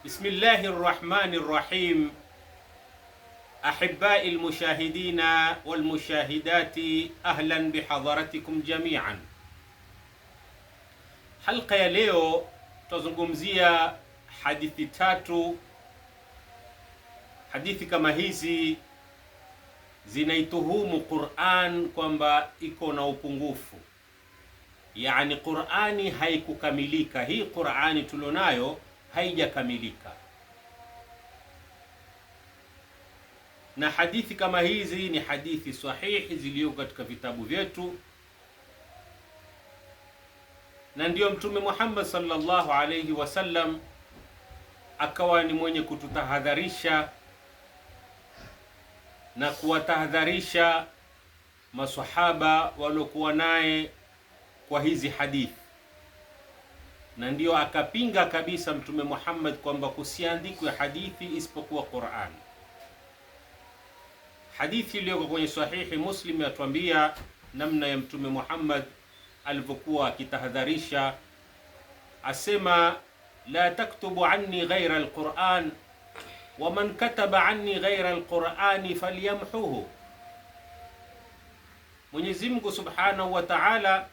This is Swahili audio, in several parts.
Bismillahi rrahmani rahim ahibai lmushahidina walmushahidati, ahlan bihadharatikum jamian. Halqa ya leo tutazungumzia hadithi tatu. Hadithi kama hizi zinaituhumu Qur'an kwamba iko na upungufu, yani Qur'ani haikukamilika. Hii Qur'ani tulionayo haijakamilika. Na hadithi kama hizi ni hadithi sahihi zilizoko katika vitabu vyetu, na ndiyo Mtume Muhammad sallallahu alayhi wasallam akawa ni mwenye kututahadharisha na kuwatahadharisha maswahaba waliokuwa naye kwa hizi hadithi na ndio akapinga kabisa Mtume Muhammad kwamba kusiandikwe hadithi isipokuwa Qur'an. Hadithi iliyoko kwenye sahihi Muslim yatuambia namna ya Mtume Muhammad alivyokuwa akitahadharisha, asema la taktubu anni ghaira alquran wa man kataba anni ghaira alqurani falyamhuhu. Mwenyezi Mungu Subhanahu wa Ta'ala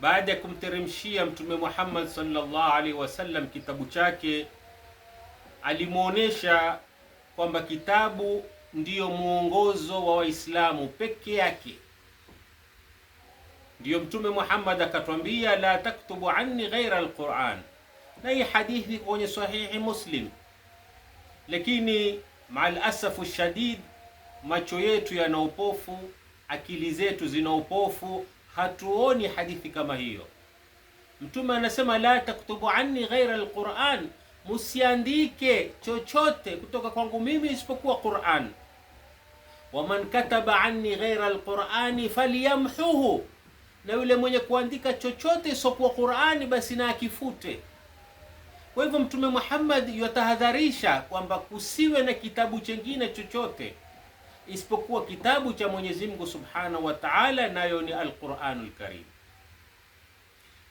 baada ya kumteremshia Mtume Muhammad sallallahu alaihi wasallam kitabu chake, alimwonyesha kwamba kitabu ndiyo mwongozo wa Waislamu peke yake. Ndiyo Mtume Muhammad akatwambia, la taktubu anni ghaira alquran, na hii hadithi kwenye sahihi Muslim. Lakini maalasafu shadid, macho yetu yana upofu, akili zetu zina upofu hatuoni hadithi kama hiyo. Mtume anasema la taktubu anni ghaira alquran, musiandike chochote kutoka kwangu mimi isipokuwa Quran. Waman kataba anni ghaira alqurani falyamhuhu, na yule mwenye kuandika chochote isipokuwa Qurani basi na akifute. Kwa hivyo Mtume Muhammad yatahadharisha kwamba kusiwe na kitabu chengine chochote isipokuwa kitabu cha Mwenyezi Mungu Subhanahu wa Ta'ala, nayo ni Al-Qur'anul Karim.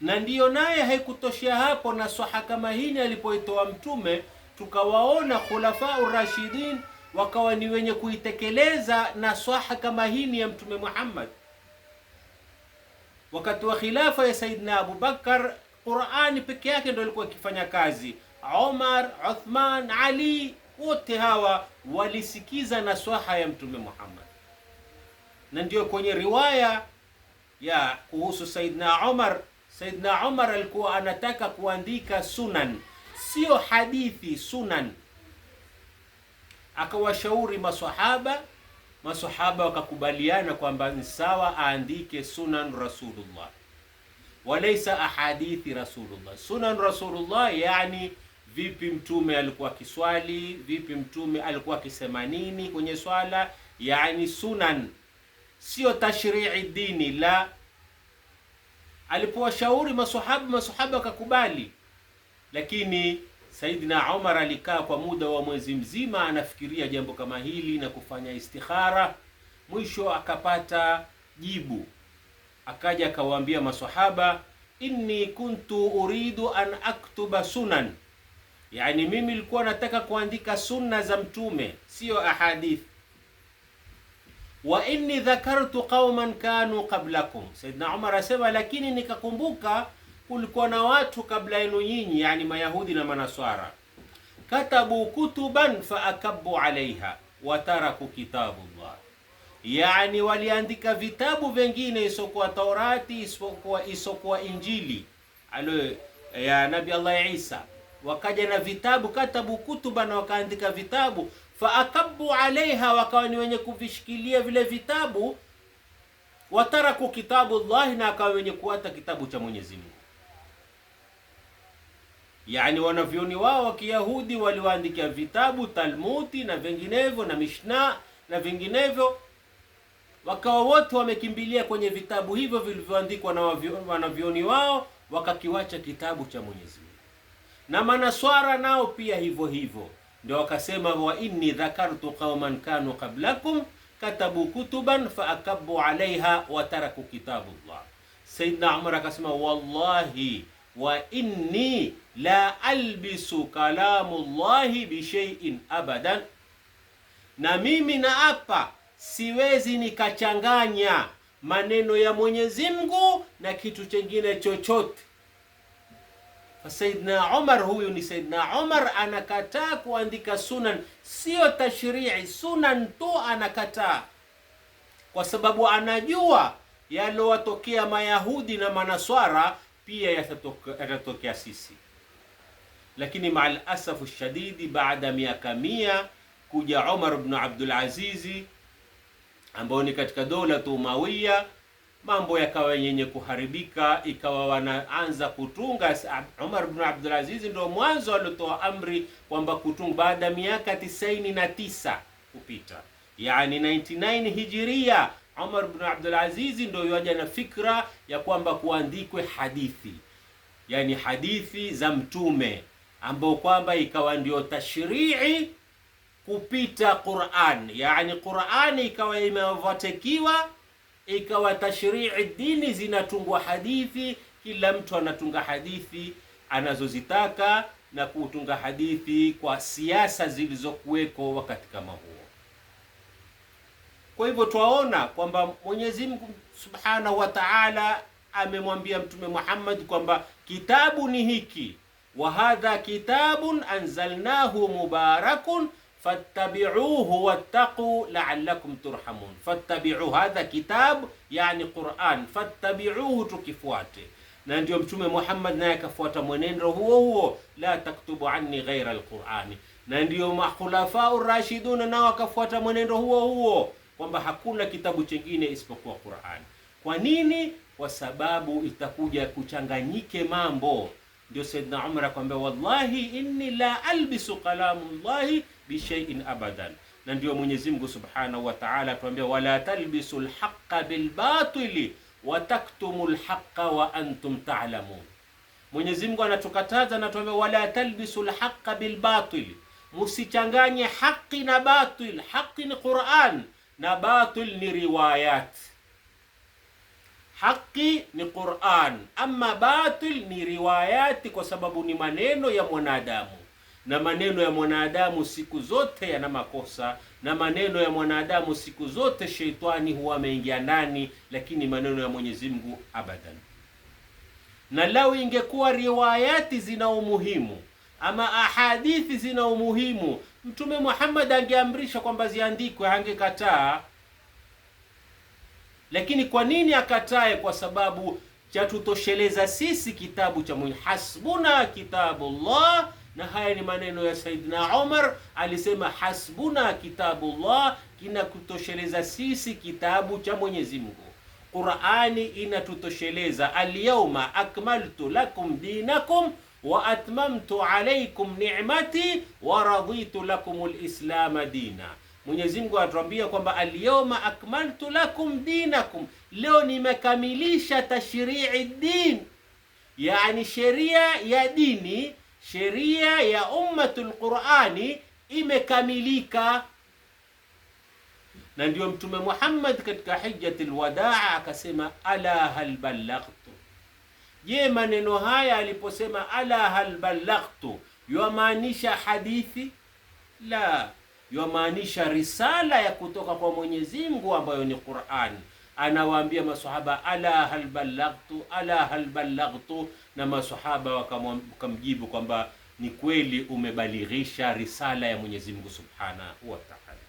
Na ndiyo naye haikutoshea hapo, na swaha kama hili alipoitoa Mtume tukawaona khulafa urashidin wakawa ni wenye kuitekeleza na swaha kama hini ya Mtume Muhammad. Wakati wa khilafa ya Saidina Abubakar, Qurani peke yake ndio ilikuwa ikifanya kazi. Omar, Uthman, Ali wote hawa walisikiza nasaha ya Mtume Muhammad, na ndio kwenye riwaya ya kuhusu Saidna Umar. Saidna Umar alikuwa anataka kuandika sunan, sio hadithi, sunan. Akawashauri masahaba, masahaba wakakubaliana kwamba ni sawa aandike sunan Rasulullah, walaysa ahadithi Rasulullah. Sunan Rasulullah yani vipi mtume alikuwa akiswali, vipi mtume alikuwa akisema nini kwenye swala, yani sunan, sio tashrii dini la. Alipowashauri masahaba, masahaba akakubali, lakini Saidina Omar alikaa kwa muda wa mwezi mzima anafikiria jambo kama hili na kufanya istikhara, mwisho akapata jibu, akaja akawaambia masahaba, inni kuntu uridu an aktuba sunan Yaani mimi nilikuwa nataka kuandika sunna za mtume, siyo ahadith. Wa inni dhakartu qauman kanu qablakum, Saidna Umar asema, lakini nikakumbuka kulikuwa na watu kabla yenu nyinyi, yani Mayahudi na Manaswara, katabu kutuban faakabu alaiha wataraku Allah, yani waliandika vitabu vingine isokuwa Taurati, isokuwa isokuwa Injili alo ya Nabi Allah Isa wakaja na vitabu, katabu kutuba, na wakaandika vitabu. Faakabu alaiha, wakawa ni wenye kuvishikilia vile vitabu. Wataraku kitabu llahi, na akawa wenye kuata kitabu cha Mwenyezi Mungu. Yani wanavyoni wao wa Kiyahudi waliwaandikia vitabu Talmuti na vinginevyo na Mishna na vinginevyo, wakawa wote wamekimbilia kwenye vitabu hivyo vilivyoandikwa na wanavyoni wao, wakakiwacha kitabu cha Mwenyezi Mungu na manaswara nao pia hivyo hivyo. Ndio wakasema wa inni dhakartu qauman kanu qablakum katabu kutuban faakabu alaiha wataraku kitabullah. Saidna Umar akasema wallahi wa inni la albisu llahi bishaiin abadan, na mimi naapa siwezi nikachanganya maneno ya Mwenyezi Mungu na kitu chengine chochote. Saidna Omar huyu ni Saidna Omar anakataa kuandika sunan, sio tashrii. Sunan tu anakataa, kwa sababu anajua yalowatokea Mayahudi na Manaswara pia yatatokea sisi. Lakini maal asafu shadidi, baada miaka mia kuja Omar bnu Abdul Azizi ambao ni katika dola Umawiya mambo yakawa yenye kuharibika, ikawa wanaanza kutunga. Umar bin Abdul Aziz ndio mwanzo alitoa amri kwamba kutunga baada ya miaka tisaini na tisa kupita, yani 99 hijiria. Umar bin Abdul Aziz ndio yaja na fikra ya kwamba kuandikwe hadithi, yani hadithi za Mtume ambao kwamba ikawa ndio tashrii kupita Qur'an, yani Qur'ani ikawa imevatekiwa ikawa tashrii dini zinatungwa hadithi, kila mtu anatunga hadithi anazozitaka na kutunga hadithi kwa siasa zilizokuweko wakati kama huo. Kwa hivyo twaona kwamba Mwenyezi Mungu Subhanahu wa Ta'ala amemwambia Mtume Muhammad kwamba kitabu ni hiki, wa hadha kitabun anzalnahu mubarakun fattabi'uhu wattaqu la'allakum turhamun. Fattabi'u hadha kitab, yani Qur'an, fattabi'uhu, tukifuate. Na ndio Mtume Muhammad naye akafuata mwenendo huo huo, la taktubu anni ghaira alqur'ani. Na ndio makhulafau rashiduna nao akafuata mwenendo huo huo kwamba hakuna kitabu chengine isipokuwa Qur'an. Kwa nini? Kwa sababu itakuja kuchanganyike mambo. Ndio Saidna Umar akwambia, wallahi inni la albisu kalamullahi bishaiin abadan, na ndio Mwenyezi Mungu Subhanahu wa Ta'ala atuambia, wala talbisu lhaqa bilbatili wataktumu lhaqa wa antum ta'lamun. Mwenyezi Mungu anatukataza anatuambia, wala talbisu lhaqa bilbatili, musichanganye haqi na batil. Haqi ni Qur'an na batil ni riwayat. Haqi ni Qur'an, ama batil ni riwayati, kwa sababu ni maneno ya mwanadamu na maneno ya mwanadamu siku zote yana makosa, na maneno ya mwanadamu siku zote sheitani huwa ameingia ndani, lakini maneno ya Mwenyezi Mungu abadan. Na lau ingekuwa riwayati zina umuhimu ama ahadithi zina umuhimu, Mtume Muhammad angeamrisha kwamba ziandikwe, angekataa Lakini kwa nini akatae? Kwa sababu cha tutosheleza sisi kitabu cha Mwenyezi Hasbuna kitabullah na haya ni maneno ya Saidina Umar, alisema hasbuna kitabullah, kinakutosheleza sisi kitabu cha Mwenyezi Mungu. Qurani inatutosheleza, alyawma akmaltu lakum dinakum wa atmamtu alaykum ni'mati wa raditu lakum lislama dina. Mwenyezi Mungu anatuambia kwamba alyawma akmaltu lakum dinakum, leo nimekamilisha tashrii din, yani sheria ya dini sheria ya ummatul Qurani imekamilika. Na ndio Mtume Muhammad katika hijjatul wadaa akasema, ala hal ballaghtu. Je, maneno haya aliposema ala hal ballaghtu yamaanisha hadithi? La, yamaanisha risala ya kutoka kwa Mwenyezi Mungu ambayo ni Qurani anawaambia maswahaba ala hal ballagtu, ala hal ballagtu, na maswahaba wakamjibu kwamba ni kweli umebalighisha risala ya Mwenyezi Mungu Subhanahu wa Ta'ala.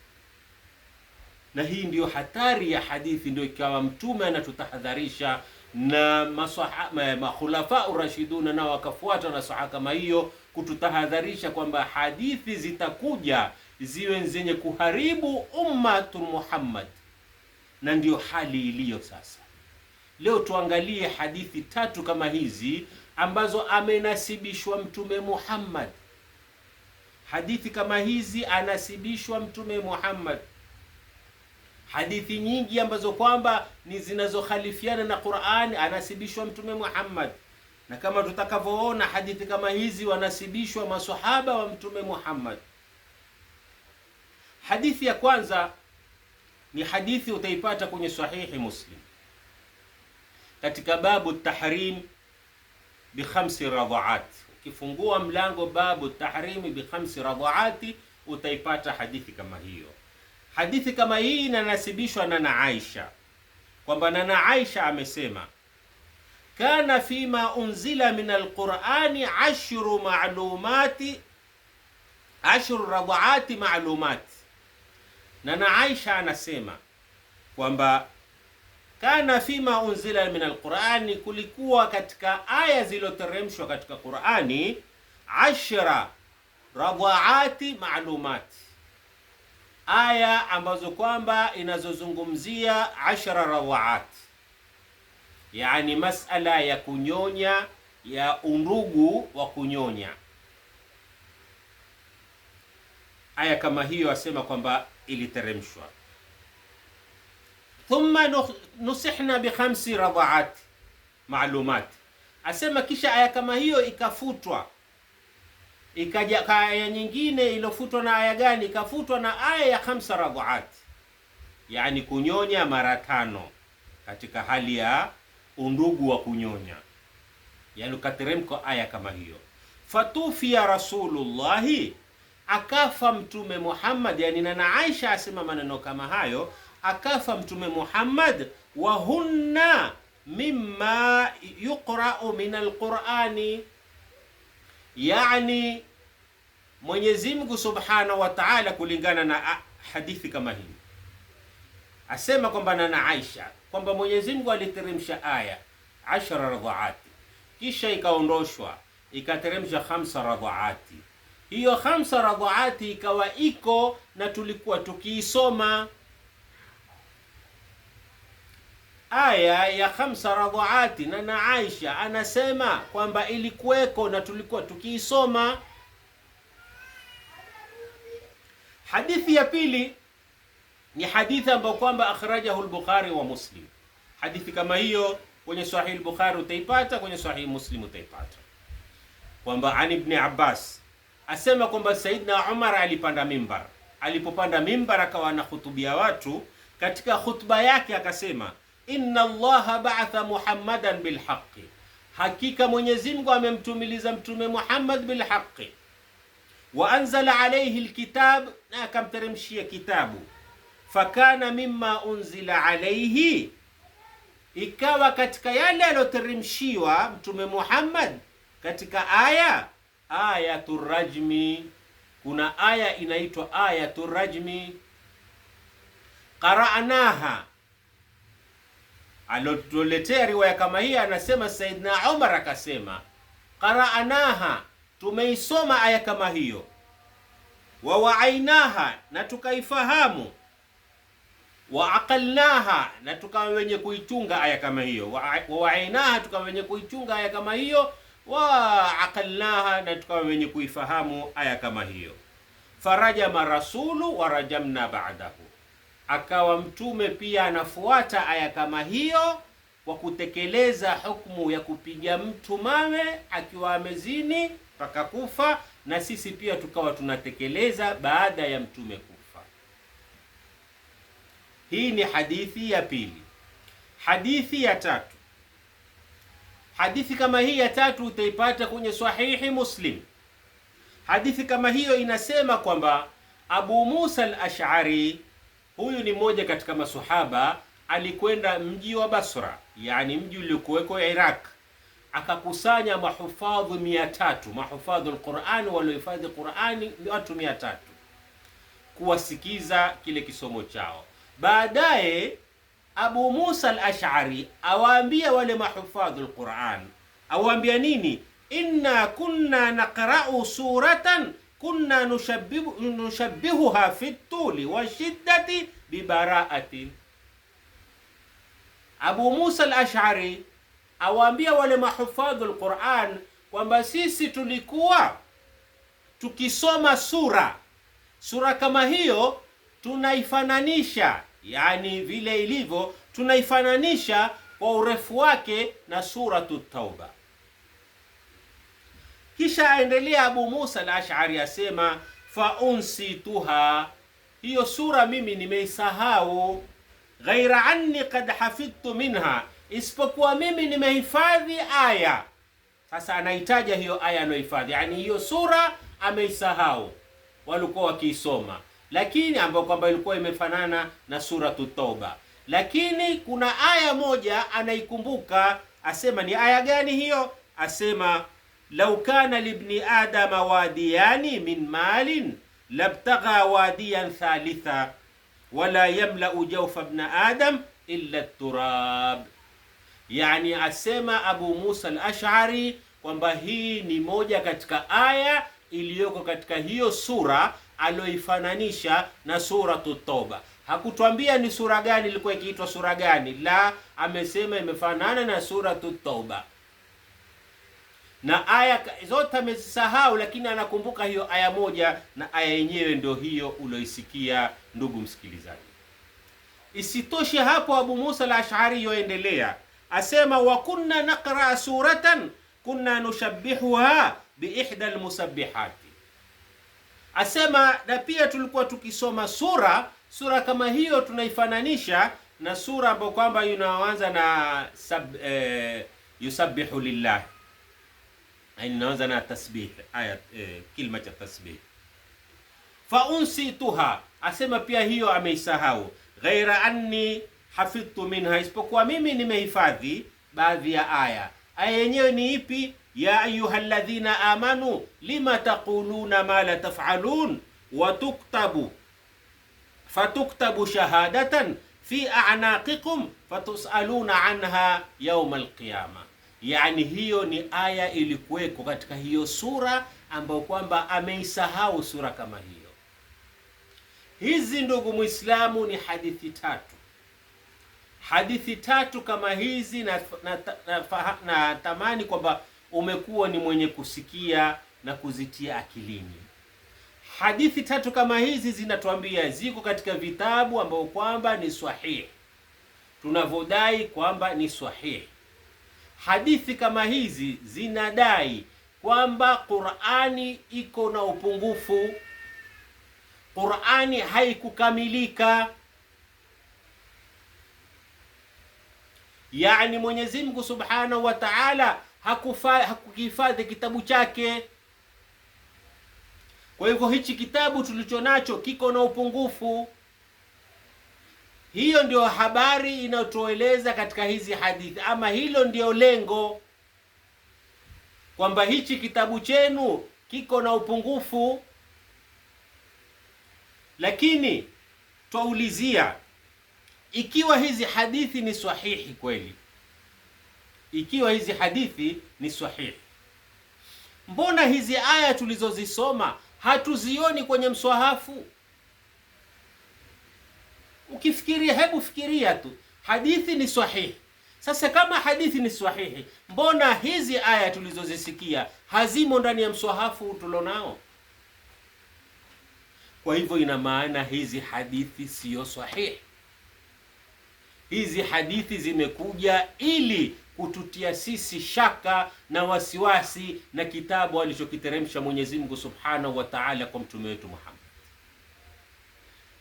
Na hii ndiyo hatari ya hadithi, ndio ikawa mtume anatutahadharisha na maswahaba makhulafa rashiduna nao wakafuata na saha kama hiyo kututahadharisha kwamba hadithi zitakuja ziwe zenye kuharibu ummatu Muhammad na ndiyo hali iliyo sasa. Leo tuangalie hadithi tatu kama hizi ambazo amenasibishwa Mtume Muhammad. Hadithi kama hizi anasibishwa Mtume Muhammad, hadithi nyingi ambazo kwamba ni zinazokhalifiana na Qur'ani anasibishwa Mtume Muhammad, na kama tutakavyoona hadithi kama hizi wanasibishwa masohaba wa Mtume Muhammad. Hadithi ya kwanza ni hadithi utaipata kwenye sahihi Muslim katika babu tahrim bi khamsi radhaat. Ukifungua mlango babu tahrim bi khamsi radhaati utaipata hadithi kama hiyo. Hadithi kama hii inanasibishwa na na Aisha kwamba na Aisha amesema kana fima unzila min alqurani ashru ma'lumati ashru radhaati ma'lumati na na Aisha anasema kwamba kana fima unzila min alqurani, kulikuwa katika aya zilizoteremshwa katika Qurani ashra radhaati maalumati, aya ambazo kwamba inazozungumzia ashra radhaati, yani masala ya kunyonya ya undugu wa kunyonya aya kama hiyo asema kwamba iliteremshwa thumma nusihna bikhamsi radhaat maalumat, asema kisha aya kama hiyo ikafutwa, ikaja aya nyingine iliyofutwa. Na aya gani ikafutwa? Na aya ya khamsa radaat, yani kunyonya mara tano katika hali ya undugu wa kunyonya, yani ukateremka aya kama hiyo. Fatufia rasulullahi akafa Mtume Muhammad, yani na Aisha asema maneno kama hayo, akafa Mtume Muhammad, wa hunna mimma yuqra'u min alqur'ani, yani Mwenyezi Mungu Subhanahu wa Ta'ala, kulingana na hadithi kama hii asema kwamba na Aisha kwamba Mwenyezi Mungu aliteremsha aya ashara radhaati, kisha ikaondoshwa ikateremsha khamsa radhaati hiyo hamsa radhaati ikawa iko na tulikuwa tukiisoma aya ya hamsa radhaati, na na Aisha anasema kwamba ilikuweko na tulikuwa tukiisoma. Hadithi ya pili ni hadithi ambayo kwamba akhrajahu al-Bukhari wa Muslim. Hadithi kama hiyo kwenye Sahih al-Bukhari utaipata, kwenye Sahih Muslim utaipata, kwamba ani ibn Abbas asema kwamba Saidna Umar alipanda mimbar. Alipopanda mimbar, akawa anahutubia watu. Katika khutba yake akasema, inna Allaha ba'atha Muhammadan bilhaqi, hakika Mwenyezi Mungu amemtumiliza Mtume Muhammad bilhaqi, wa anzala alayhi alkitab, na akamteremshia kitabu. Fakana mimma unzila alayhi, ikawa katika yale aliyoteremshiwa Mtume Muhammad katika aya ayatu rajmi, kuna aya inaitwa ayatu rajmi. Qara'naha, alotuletea riwaya kama hii anasema Saidna Umar akasema qara'naha, tumeisoma aya kama hiyo, wa waainaha, na tukaifahamu wa aqalnaha na tukawa wenye kuichunga aya kama hiyo, wa waainaha, tukawa wenye kuichunga aya kama hiyo wa aqalnaha, na tukawa wenye kuifahamu aya kama hiyo. Farajama rasulu wa rajamna ba'dahu, akawa mtume pia anafuata aya kama hiyo kwa kutekeleza hukumu ya kupiga mtu mawe akiwa amezini mpaka kufa, na sisi pia tukawa tunatekeleza baada ya mtume kufa. Hii ni hadithi ya pili. Hadithi ya tatu Hadithi kama hii ya tatu utaipata kwenye Sahihi Muslim. Hadithi kama hiyo inasema kwamba Abu Musa al-Ash'ari, huyu ni mmoja katika masuhaba, alikwenda mji wa Basra, yani mji uliokuweko Iraq, akakusanya mahufadhu mia tatu, mahufadhu al waliohifadhi Qur'ani watu mia tatu, kuwasikiza kile kisomo chao baadaye Abu Musa al-Ash'ari awaambia wale mahufadhu al-Qur'an, awaambia nini? Inna kunna naqra'u suratan kunna nushabbihuha fi tuli wa shiddati bibara'ati. Abu Musa al-Ash'ari awaambia wale mahufadhu al-Qur'an kwamba sisi tulikuwa tukisoma sura sura kama hiyo tunaifananisha yaani vile ilivyo, tunaifananisha kwa urefu wake na suratu Tauba. Kisha aendelea Abu Musa al-Ash'ari asema, fa unsituha, hiyo sura mimi nimeisahau. Ghaira anni kad hafidhtu minha, isipokuwa mimi nimehifadhi aya. Sasa anaitaja hiyo aya anayohifadhi, yani hiyo sura ameisahau, walikuwa wakiisoma lakini ambayo kwamba ilikuwa imefanana na suratu Toba, lakini kuna aya moja anaikumbuka, asema ni aya gani hiyo? Asema lau kana libni adama wadiyani min malin labtagha wadiyan thalitha wala yamlau jaufa bna adam illa turab. Yani asema Abu Musa al-Ash'ari kwamba hii ni moja katika aya iliyoko katika hiyo sura aloifananisha na suratu Tauba. Hakutwambia ni sura gani ilikuwa ikiitwa sura gani, la, amesema imefanana na suratu Tauba na aya zote amezisahau, lakini anakumbuka hiyo aya moja, na aya yenyewe ndio hiyo uloisikia, ndugu msikilizaji. Isitoshe hapo, Abu Musa al-Ash'ari yoendelea asema, wa kunna naqra suratan kunna nushabbihuha biihda musabbihati Asema na pia tulikuwa tukisoma sura sura kama hiyo, tunaifananisha na sura ambayo kwamba inaanza na sab, eh, yusabbihu lillah, inaanza na tasbih aya, eh, kilima cha tasbih. Faunsituha, asema pia hiyo ameisahau. Ghaira anni hafidhtu minha, isipokuwa mimi nimehifadhi baadhi ya aya. Aya yenyewe ni ipi? ya alladhina amanu lima taquluna ma la taf'alun wa tuktabu fatuktabu shahadatan fi a'naqikum fatus'aluna anha yawm alqiyama. Yani hiyo ni aya ilikuweko katika hiyo sura ambayo kwamba ameisahau sura kama hiyo. Hizi ndugu Muislamu ni hadithi tatu, hadithi tatu kama hizi na, na, na, na, na tamani kwamba umekuwa ni mwenye kusikia na kuzitia akilini. Hadithi tatu kama hizi zinatuambia ziko katika vitabu ambao kwamba ni sahihi, tunavyodai kwamba ni sahihi. Hadithi kama hizi zinadai kwamba Qur'ani iko na upungufu, Qur'ani haikukamilika. Yaani Mwenyezi Mungu Subhanahu wa Ta'ala hakukihifadhi kitabu chake. Kwa hivyo hichi kitabu tulicho nacho kiko na upungufu. Hiyo ndio habari inayotueleza katika hizi hadithi, ama hilo ndio lengo, kwamba hichi kitabu chenu kiko na upungufu. Lakini twaulizia, ikiwa hizi hadithi ni sahihi kweli ikiwa hizi hadithi ni sahihi. Mbona hizi aya tulizozisoma hatuzioni kwenye mswahafu? Ukifikiria, hebu fikiria tu, hadithi ni sahihi. Sasa kama hadithi ni sahihi, mbona hizi aya tulizozisikia hazimo ndani ya mswahafu tulonao? Kwa hivyo ina maana hizi hadithi siyo sahihi. Hizi hadithi zimekuja ili ututia sisi shaka na wasiwasi na kitabu alichokiteremsha Mwenyezi Mungu Subhanahu wa Ta'ala kwa mtume wetu Muhammad.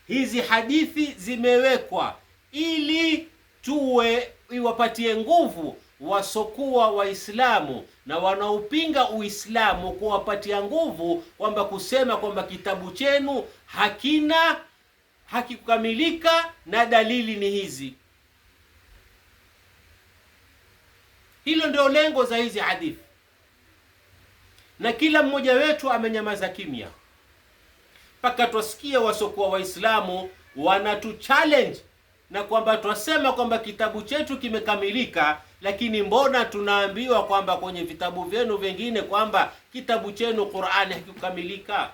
Hizi hadithi zimewekwa ili tuwe iwapatie nguvu wasokuwa Waislamu na wanaopinga Uislamu, kuwapatia nguvu kwamba kusema kwamba kitabu chenu hakina hakikukamilika na dalili ni hizi. Hilo ndio lengo za hizi hadithi, na kila mmoja wetu amenyamaza kimya mpaka twasikia wasokuwa Waislamu wanatu challenge na kwamba twasema kwamba kitabu chetu kimekamilika, lakini mbona tunaambiwa kwamba kwenye vitabu vyenu vingine kwamba kitabu chenu Qur'ani hakikukamilika?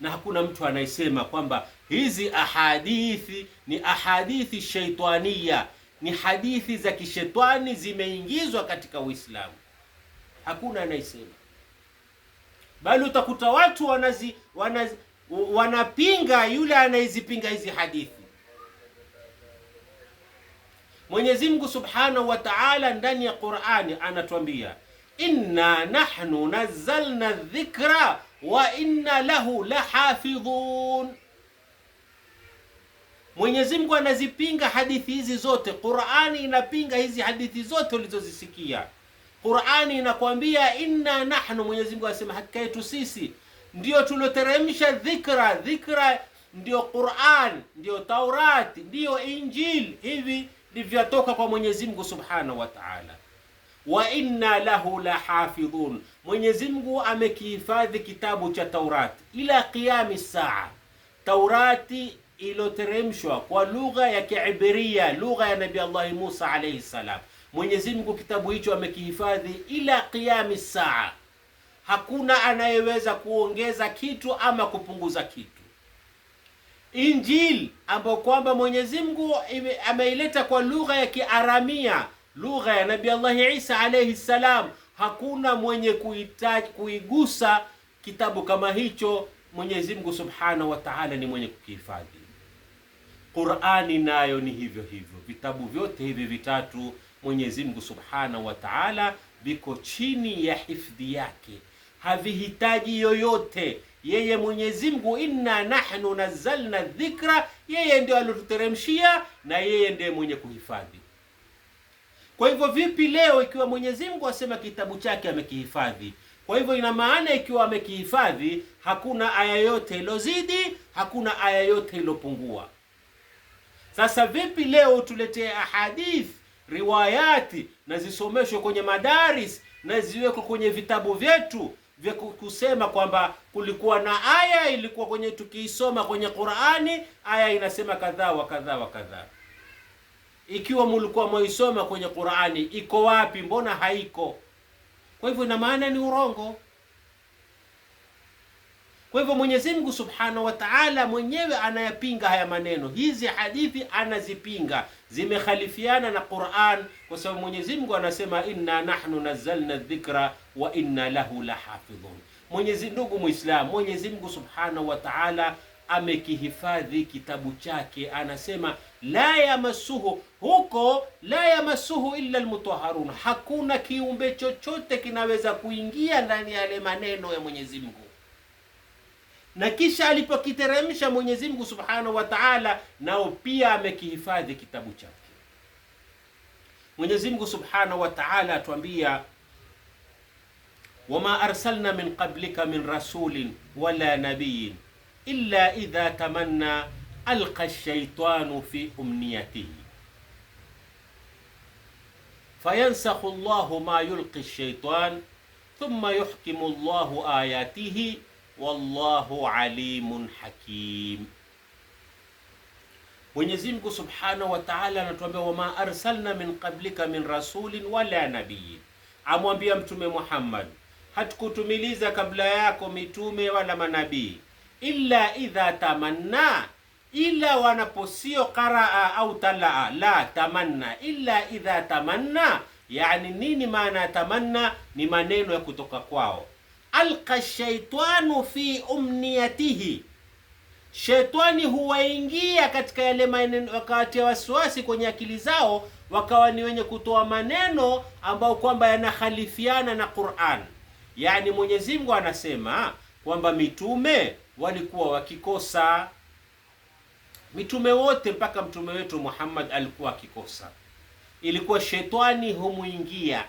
Na hakuna mtu anayesema kwamba hizi ahadithi ni ahadithi shaitania ni hadithi za kishetani zimeingizwa katika Uislamu. Hakuna anayesema, bali utakuta watu wanazi, wanazi, wanapinga yule anayezipinga hizi hadithi. Mwenyezi Mungu Subhanahu wa Ta'ala ndani ya Qur'ani anatuambia inna nahnu nazzalna dhikra wa inna lahu lahafidhun Mwenyezi Mungu anazipinga hadithi hizi zote. Qur'ani inapinga hizi hadithi zote ulizozisikia. Qur'ani inakwambia inna nahnu, Mwenyezi Mungu anasema hakika yetu sisi ndio tulioteremsha dhikra. Dhikra ndio Qur'an, ndio Taurati, ndio injil Hivi livyatoka kwa Mwenyezi Mungu Subhanahu wa Ta'ala. Wa inna lahu la hafidhun, Mwenyezi Mungu amekihifadhi kitabu cha Taurati ila qiyami saa Taurati iloteremshwa kwa lugha ya Kiibiria, lugha ya Nabii Allahi Musa alayhi salam. Mwenyezi Mungu kitabu hicho amekihifadhi ila qiyami saa. Hakuna anayeweza kuongeza kitu ama kupunguza kitu. injil ambayo kwamba Mwenyezi Mungu ameileta kwa lugha ya Kiaramia, lugha ya Nabii Allahi Isa alayhi salam, hakuna mwenye kuitaji kuigusa kitabu kama hicho. Mwenyezi Mungu subhanahu wa taala ni mwenye kukihifadhi. Qur'ani nayo ni hivyo hivyo. Vitabu vyote hivi vitatu Mwenyezi Mungu Subhanahu wa Ta'ala viko chini ya hifdhi yake, havihitaji yoyote. Yeye Mwenyezi Mungu, inna nahnu nazzalna dhikra, yeye ndio aliotuteremshia na yeye ndiye mwenye kuhifadhi. Kwa hivyo vipi leo ikiwa Mwenyezi Mungu asema kitabu chake amekihifadhi? Kwa hivyo ina maana ikiwa amekihifadhi, hakuna aya yote ilozidi, hakuna aya yote ilopungua. Sasa vipi leo tuletee ahadith riwayati na zisomeshwe kwenye madaris na ziwekwe kwenye vitabu vyetu vya kusema kwamba kulikuwa na aya ilikuwa kwenye tukiisoma kwenye Qur'ani, aya inasema kadhaa wa kadhaa wa kadhaa. Ikiwa mulikuwa mwaisoma kwenye Qur'ani, iko wapi? Mbona haiko? Kwa hivyo ina maana ni urongo. Kwa hivyo Mwenyezi Mungu Subhanahu wa Ta'ala mwenyewe anayapinga haya maneno. Hizi hadithi anazipinga, zimekhalifiana na Qur'an, kwa sababu Mwenyezi Mungu anasema inna nahnu nazzalna dhikra wa inna lahu lahafidhun. Mwenyezi, ndugu Muislamu, Mwenyezi Mungu Subhanahu wa Ta'ala amekihifadhi kitabu chake, anasema la yamasuhu huko, la yamasuhu illa almutahharun, hakuna kiumbe chochote kinaweza kuingia ndani ya yale maneno ya Mwenyezi Mungu. na kisha alipokiteremsha Mwenyezi Mungu Subhanahu wa Ta'ala, nao pia amekihifadhi kitabu chake. Mwenyezi Mungu Subhanahu wa Ta'ala atuambia, wama arsalna min qablika min rasulin wala nabiyin illa idha tamanna alqa shaytanu fi umniyatihi fayansakhu Allahu ma yulqi shaytan thumma yuhkimu Allahu ayatihi wallahu alimun hakim. Mwenyezi Mungu Subhanahu wa Ta'ala anatuambia wama arsalna min qablika min rasulin wala nabiyin, amwambia Mtume Muhammad, hatukutumiliza kabla yako mitume wala manabii, illa idha tamanna, ila wanaposio qaraa au talaa, la tamanna, illa idha tamanna. Yani nini maana ya tamanna? Ni maneno ya kutoka kwao alqa shaitanu fi umniyatihi, shaitani huwaingia katika yale maneno, wakawatia wasiwasi kwenye akili zao, wakawa ni wenye kutoa maneno ambayo kwamba yanahalifiana na Qur'an. yani Mwenyezi Mungu anasema kwamba mitume walikuwa wakikosa, mitume wote mpaka mtume wetu Muhammad alikuwa akikosa, ilikuwa shetani humwingia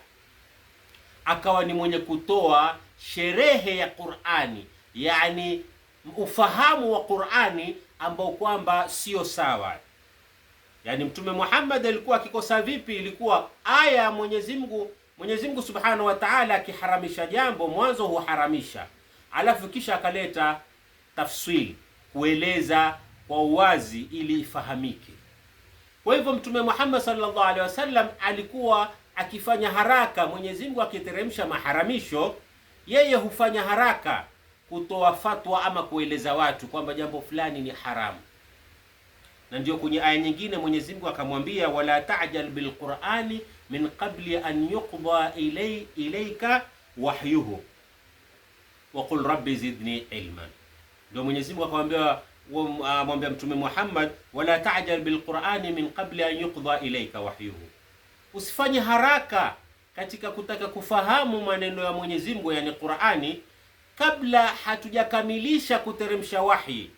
akawa ni mwenye kutoa sherehe ya Qur'ani, yani ufahamu wa Qur'ani ambao kwamba sio sawa. Yani Mtume Muhammad alikuwa akikosa vipi? Ilikuwa aya ya Mwenyezi Mungu, Mwenyezi Mungu Subhanahu wa Ta'ala akiharamisha jambo, mwanzo huharamisha, alafu kisha akaleta tafsiri kueleza kwa uwazi ili ifahamike. Kwa hivyo Mtume Muhammad sallallahu alaihi wasallam alikuwa akifanya haraka, Mwenyezi Mungu akiteremsha maharamisho, yeye hufanya haraka kutoa fatwa ama kueleza watu kwamba jambo fulani ni haramu. Na ndio kwenye aya nyingine Mwenyezi Mungu akamwambia, wala ta'jal bilqur'ani min qabli an yuqda ilay, ilayka wahyuhu wa qul rabbi zidni ilma. Ndio Mwenyezi Mungu akamwambia mwambia Mtume Muhammad, wala ta'jal bilqur'ani min qabli an yuqda ilayka wahyuhu usifanye haraka katika kutaka kufahamu maneno ya Mwenyezi Mungu, yani Qur'ani, kabla hatujakamilisha kuteremsha wahi,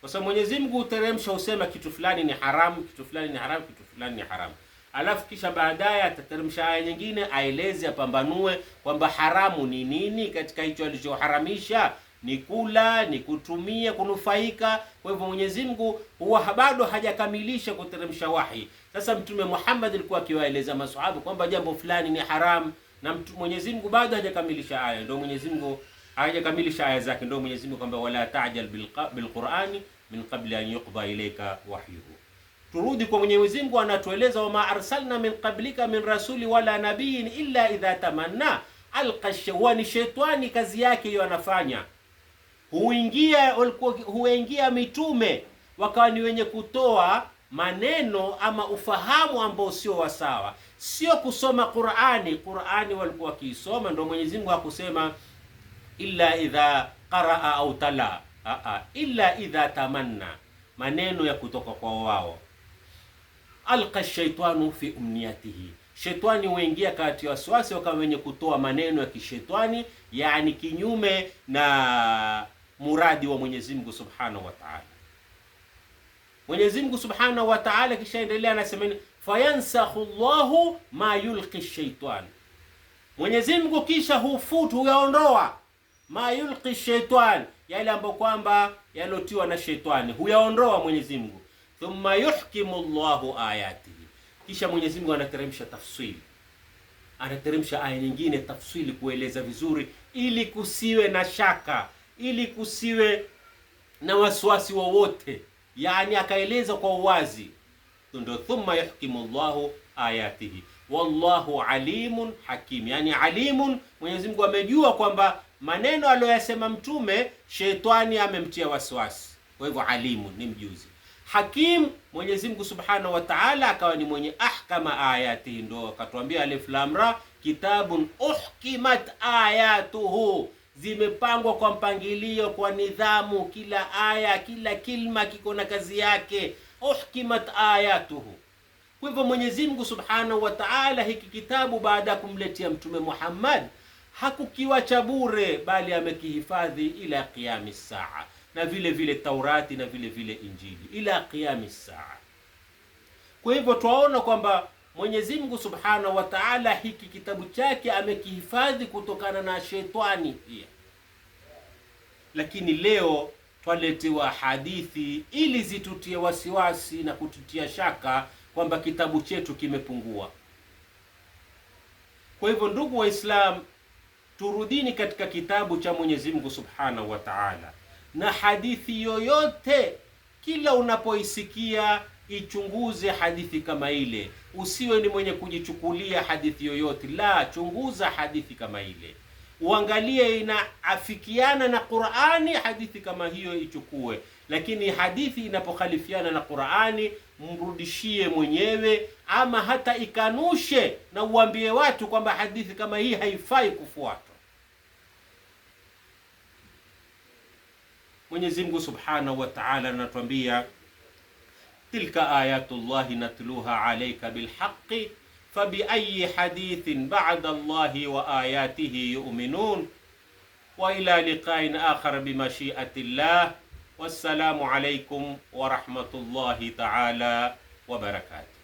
kwa sababu Mwenyezi Mungu huteremsha, husema kitu fulani ni haramu, kitu fulani ni haramu, kitu fulani ni haramu, alafu kisha baadaye atateremsha aya nyingine, aeleze, apambanue kwamba haramu ni nini katika hicho alichoharamisha ni kula, ni kutumia, kunufaika. Kwa hivyo Mwenyezi Mungu huwa bado hajakamilisha kuteremsha wahi. Sasa Mtume Muhammad alikuwa akiwaeleza maswahaba kwamba jambo fulani ni haram, na Mwenyezi Mungu bado hajakamilisha aya, ndio Mwenyezi Mungu hajakamilisha aya zake, ndio Mwenyezi Mungu kwamba wala ta'jal bilqur'ani min qabli an yuqda ilayka wahyuhu. Turudi kwa Mwenyezi Mungu, anatueleza wama arsalna min qablika min rasuli wala nabiyin illa idha tamanna alqa shawani. Shetani kazi yake hiyo anafanya huingia huingia mitume wakawa ni wenye kutoa maneno ama ufahamu ambao sio wasawa, sio kusoma Qur'ani. Qur'ani walikuwa wakiisoma, ndio Mwenyezi Mungu hakusema illa idha qaraa au tala a a, illa idha tamanna, maneno ya kutoka kwa wao. Alqa shaitanu fi umniyatihi, shetani huingia kati ya wasiwasi, wakawa wenye kutoa maneno ya kishetani, yani kinyume na muradi wa Mwenyezi Mungu Subhanahu wa Ta'ala. Mwenyezi Mungu Subhanahu wa Ta'ala kisha endelea anasema, fayansakhu Allahu ma yulqi shaytan, Mwenyezi Mungu kisha hufutu huyaondoa ma yulqi shaytan, yale ambayo kwamba yalotiwa na shetani huyaondoa Mwenyezi Mungu. Thumma yuhkimu Allahu ayati, kisha Mwenyezi Mungu anateremsha tafsiri anateremsha aya nyingine tafsiri kueleza vizuri, ili kusiwe na shaka ili kusiwe na wasiwasi wowote. Yani akaeleza kwa uwazi, ndo thumma yahkimu Allahu ayatihi wallahu alimun hakim, yani alimun, Mwenyezi Mungu amejua kwamba maneno aliyoyasema mtume shetani amemtia wasiwasi, kwa hivyo alimun ni mjuzi. Hakim, Mwenyezi Mungu subhanahu wa ta'ala akawa ni mwenye ahkama ayatihi, ndo akatuambia alif lam ra kitabun uhkimat ayatuhu zimepangwa kwa mpangilio, kwa nidhamu. Kila aya, kila kilma kiko na kazi yake. Uhkimat ayatuhu. Kwa hivyo Mwenyezi Mungu Subhanahu wa Ta'ala, hiki kitabu baada ya kumletea Mtume Muhammad hakukiwacha bure, bali amekihifadhi ila qiami saa, na vile vile Taurati na vile vile Injili ila qiami saa. Kwa hivyo twaona kwamba Mwenyezi Mungu Subhanahu wa Ta'ala hiki kitabu chake amekihifadhi kutokana na shetani pia, lakini leo twaletewa hadithi ili zitutie wasiwasi na kututia shaka kwamba kitabu chetu kimepungua. Kwa hivyo, ndugu Waislamu, turudini katika kitabu cha Mwenyezi Mungu Subhanahu wa Ta'ala, na hadithi yoyote kila unapoisikia ichunguze hadithi kama ile. Usiwe ni mwenye kujichukulia hadithi yoyote, la, chunguza hadithi kama ile, uangalie inaafikiana na Qur'ani, hadithi kama hiyo ichukue. Lakini hadithi inapokhalifiana na Qur'ani, mrudishie mwenyewe, ama hata ikanushe na uambie watu kwamba hadithi kama hii haifai kufuatwa. Mwenyezi Mungu Subhanahu wa Ta'ala anatuambia تلك آيات الله نتلوها عليك بالحق فبأي حديث بعد الله وآياته يؤمنون وإلى لقاء آخر بمشيئة الله والسلام عليكم ورحمة الله تعالى وبركاته